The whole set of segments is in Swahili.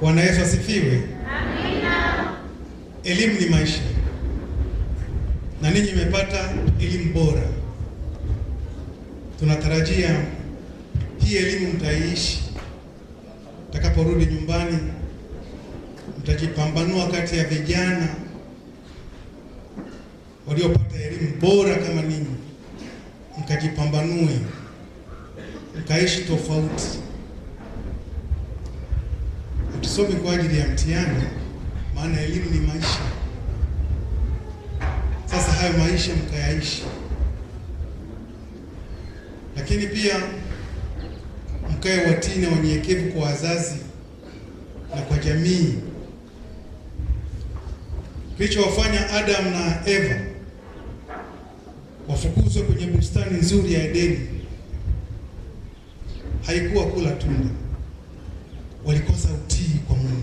Bwana Yesu asifiwe. Amina. Elimu ni maisha, na ninyi mmepata elimu bora. Tunatarajia hii elimu mtaiishi, mtakaporudi nyumbani mtajipambanua kati ya vijana waliopata elimu bora kama ninyi, mkajipambanue mkaishi tofauti Usisome kwa ajili ya mtihani, maana elimu ni maisha. Sasa hayo maisha mkayaishi, lakini pia mkae watii na wanyenyekevu kwa wazazi na kwa jamii. Kilichowafanya adam na Eva wafukuzwe kwenye bustani nzuri ya Edeni haikuwa kula tunda walikosa utii kwa Mungu.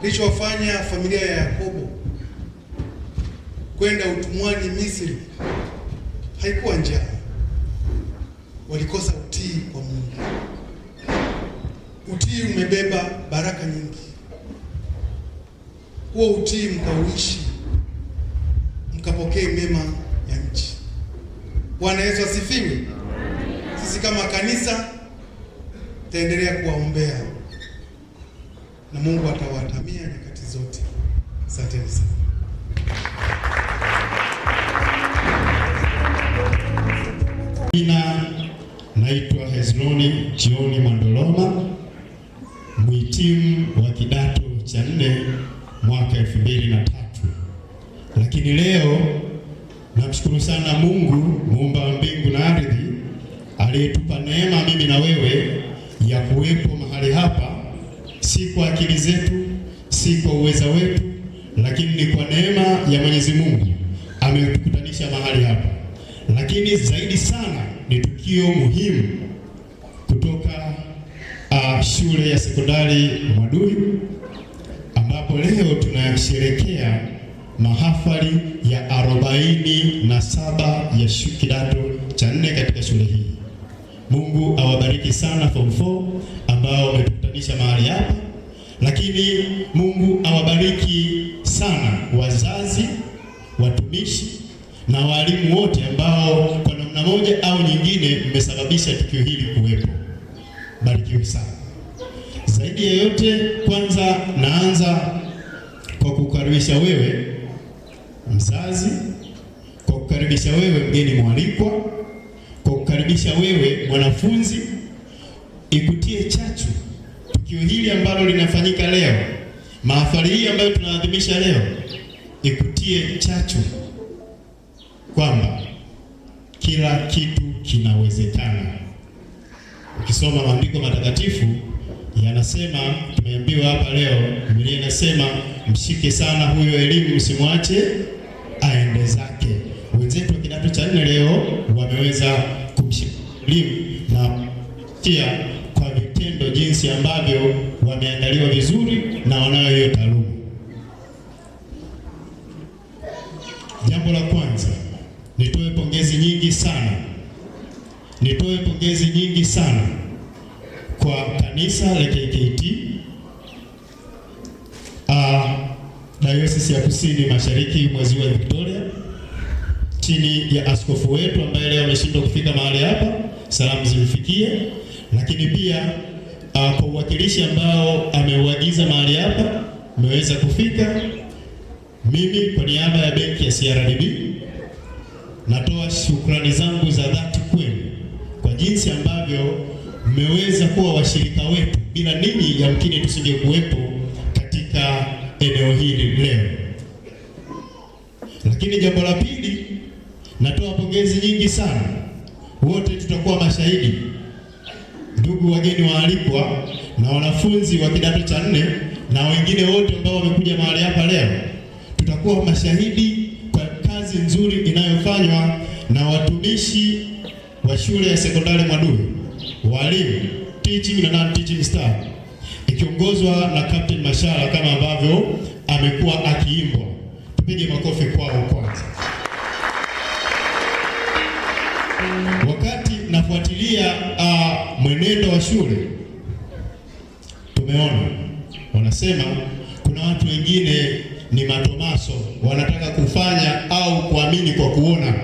kilichofanya familia ya Yakobo kwenda utumwani Misri haikuwa njaa, walikosa utii kwa Mungu. Utii umebeba baraka nyingi. Huo utii mkauishi, mkapokee mema ya nchi. Bwana Yesu asifiwe. Sisi kama kanisa taendelea kuwaombea na Mungu atawatamia nyakati zote. Asanteni sana. Jina naitwa Hezroni Jioni Mandoloma, mhitimu wa kidato cha nne mwaka elfu mbili na tatu, lakini leo namshukuru sana Mungu muumba wa mbingu na ardhi aliyetupa neema mimi na wewe ya kuwepo mahali hapa, si kwa akili zetu, si kwa uweza wetu, lakini ni kwa neema ya Mwenyezi Mungu ametukutanisha mahali hapa. Lakini zaidi sana ni tukio muhimu kutoka uh, shule ya sekondari Mwadui ambapo leo tunasherekea mahafali ya arobaini na saba ya kidato cha nne katika shule hii. Mungu awabariki sana form 4 ambao umetukutanisha mahali hapa, lakini Mungu awabariki sana wazazi, watumishi na walimu wote ambao kwa namna moja au nyingine mmesababisha tukio hili kuwepo. Barikiwe sana. Zaidi ya yote, kwanza naanza kwa kukaribisha wewe mzazi, kwa kukaribisha wewe mgeni mwalikwa kukaribisha wewe mwanafunzi ikutie chachu tukio hili ambalo linafanyika leo, mahafali hii ambayo tunaadhimisha leo, ikutie chachu kwamba kila kitu kinawezekana. Ukisoma maandiko matakatifu yanasema, tumeambiwa hapa leo, Biblia inasema mshike sana huyo elimu, msimwache aende zake. Wenzetu wa kidato cha nne leo wameweza elimu na pia kwa vitendo jinsi ambavyo wameandaliwa vizuri na wanayo hiyo taaluma. Jambo la kwanza, nitoe pongezi nyingi sana, nitoe pongezi nyingi sana kwa kanisa la KKKT ah, Dayosisi ya Kusini Mashariki mwezi wa Oktoba chini ya askofu wetu ambaye leo ameshindwa kufika mahali hapa, salamu zimfikie, lakini pia uh, kwa uwakilishi ambao ameuagiza mahali hapa umeweza kufika. Mimi kwa niaba ya benki ya CRDB natoa shukrani zangu za dhati kwenu kwa jinsi ambavyo mmeweza kuwa washirika wetu. Bila ninyi yamkini tusingekuwepo katika eneo hili leo. Lakini jambo la pili Natoa pongezi nyingi sana, wote tutakuwa mashahidi. Ndugu wageni waalikwa na wanafunzi wa kidato cha nne na wengine wote ambao wamekuja mahali hapa leo, tutakuwa mashahidi kwa kazi nzuri inayofanywa na watumishi wa shule ya sekondari Mwadui, walimu teaching na non teaching staff, ikiongozwa na Captain Mashara kama ambavyo amekuwa akiimbwa. Tupige makofi kwao kwanza. Wakati nafuatilia uh, mwenendo wa shule, tumeona wanasema kuna watu wengine ni matomaso, wanataka kufanya au kuamini kwa kuona.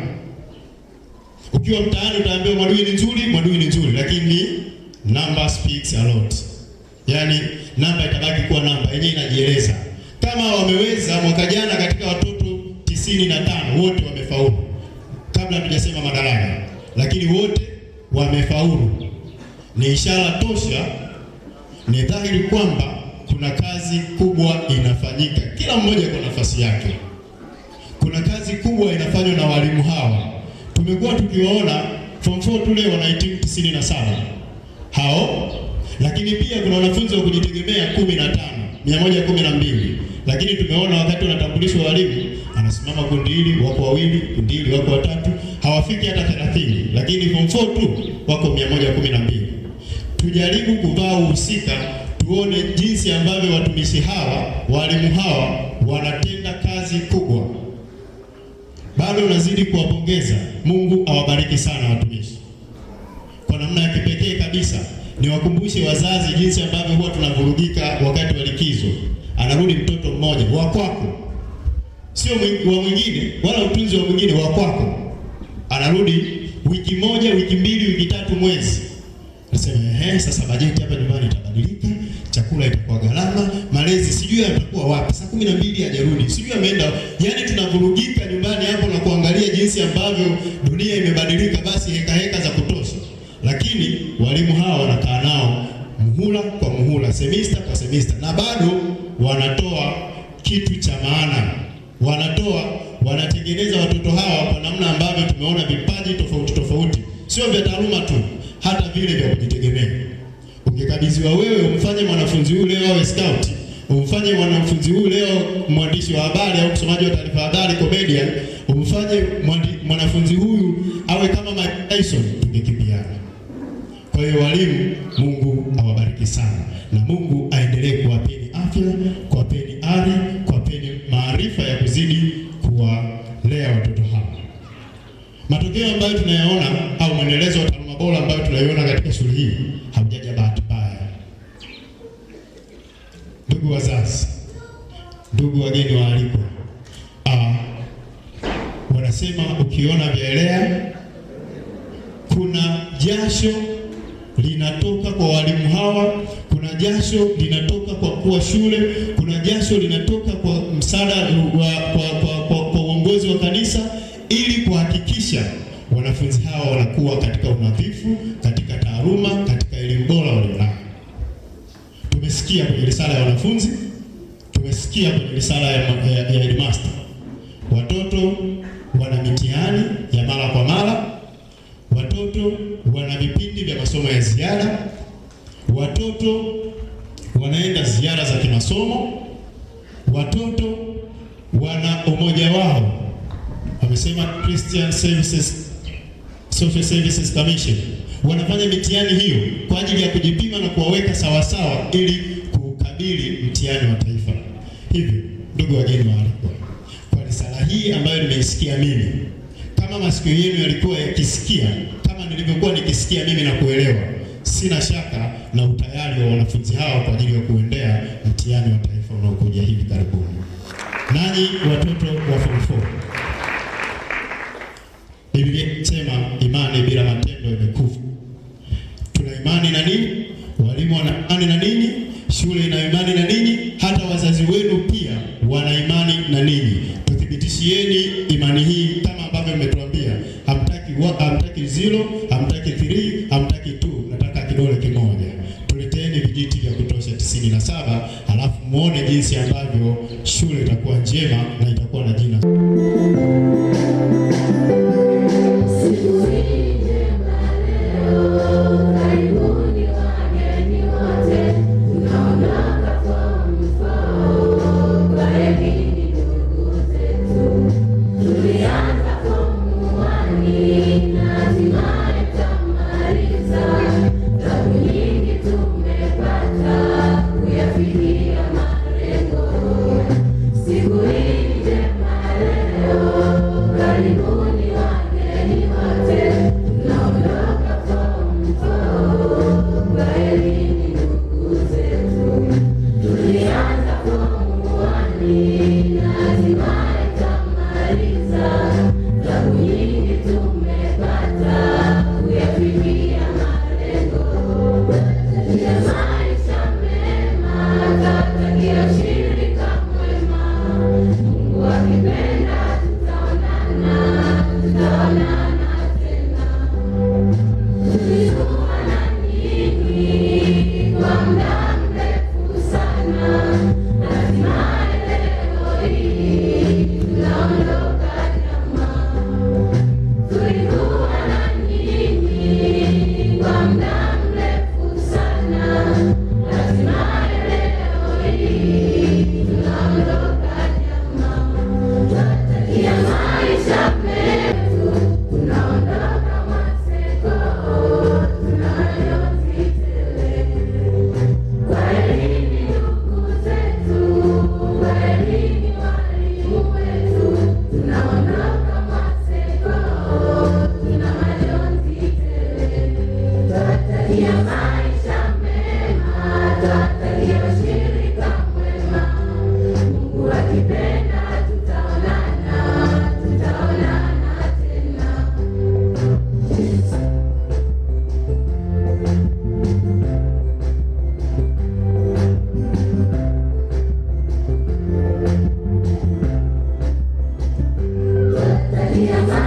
Ukiwa mtaani utaambiwa Mwadui ni nzuri, Mwadui ni nzuri, lakini number speaks a lot. Yaani namba itabaki kuwa namba yenyewe, inajieleza. Kama wameweza mwaka jana katika watoto tisini na tano wote wamefaulu kabla hatujasema madaraka, lakini wote wamefaulu. Ni ishara tosha, ni dhahiri kwamba kuna kazi kubwa inafanyika, kila mmoja kwa nafasi yake. Kuna kazi kubwa inafanywa na walimu hawa. Tumekuwa tukiwaona form 4 tule wanahitimu 97 hao, lakini pia kuna wanafunzi wa kujitegemea 15 112, lakini tumeona wakati wanatambulishwa walimu anasimama kundi hili, wako wawili, kundi hili wako watatu, hawafiki hata 30, lakini form 4 tu wako 112. Tujaribu kuvaa uhusika, tuone jinsi ambavyo watumishi hawa, walimu hawa wanatenda kazi kubwa. Bado nazidi kuwapongeza. Mungu awabariki sana watumishi kwa namna ya kipekee kabisa. Niwakumbushe wazazi jinsi ambavyo huwa tunavurugika wakati wa likizo, anarudi mtoto mmoja wa kwako sio wa mwingine wala utunzi wa mwingine, wa kwako. Anarudi wiki moja, wiki mbili, wiki tatu, mwezi, anasema ehe, sasa bajeti hapa nyumbani itabadilika, chakula itakuwa gharama, malezi sijui atakuwa wapi, saa kumi na mbili hajarudi, sijui ameenda. Yani tunavurugika nyumbani hapo na kuangalia jinsi ambavyo dunia imebadilika, basi heka heka za kutosha. Lakini walimu hawa wanakaa nao muhula kwa muhula, semista kwa semista, na bado vipaji tofauti tofauti, sio vya taaluma tu, hata vile vya kujitegemea. Ungekabidhiwa wewe umfanye mwanafunzi huyu leo awe scout, umfanye mwanafunzi huyu leo mwandishi wa habari au msomaji wa taarifa habari, comedian, umfanye mwanafunzi huyu awe kama Mike Tyson, tungekimbiana. Kwa hiyo walimu, Mungu awabariki sana, na Mungu aendelee kuwapeni afya, kuwapeni ari, kuwapeni maarifa ya kuzidi mazingira ambayo tunayaona au mwendelezo wa taaluma bora ambayo tunaiona katika shule hii haujaja bahati mbaya. Ndugu wazazi, ndugu wageni waalikwa, ah, wanasema ukiona vyaelea kuna jasho linatoka kwa walimu hawa, kuna jasho linatoka kwa kuwa shule, kuna jasho linatoka kwa msaada wa, kwa, kwa, kwa, kwa uongozi wa kanisa ili kuhakikisha wanafunzi hawa wanakuwa katika unadhifu, katika taaluma, katika elimu bora walionayo. Tumesikia kwenye risala ya wanafunzi, tumesikia kwenye risala ya, ya, ya, ya Services, Social Services Commission wanafanya mitihani hiyo kwa ajili ya kujipima na kuwaweka sawasawa ili kukabili mtihani wa taifa. Hivyo ndugu wageni waalikwa, kwa risala hii ambayo nimeisikia mimi, kama masikio yenu yalikuwa yakisikia kama nilivyokuwa nikisikia mimi na kuelewa, sina shaka na utayari wa wanafunzi hawa kwa ajili ya kuendea mtihani wa taifa unaokuja hivi karibuni. Nanyi watoto wa form Biblia inasema imani bila matendo imekufa. Tuna imani na nini? Walimu wana imani na nini? Shule ina imani na nini? Hata wazazi wenu pia wana imani na nini? Tuthibitishieni imani hii kama ambavyo mmetuambia, hamtaki hamtaki zero, hamtaki 3, hamtaki 2, nataka kidole kimoja. Tuleteni vijiti vya kutosha 97, halafu muone jinsi ambavyo shule itakuwa njema na itakuwa na jina Amen. みな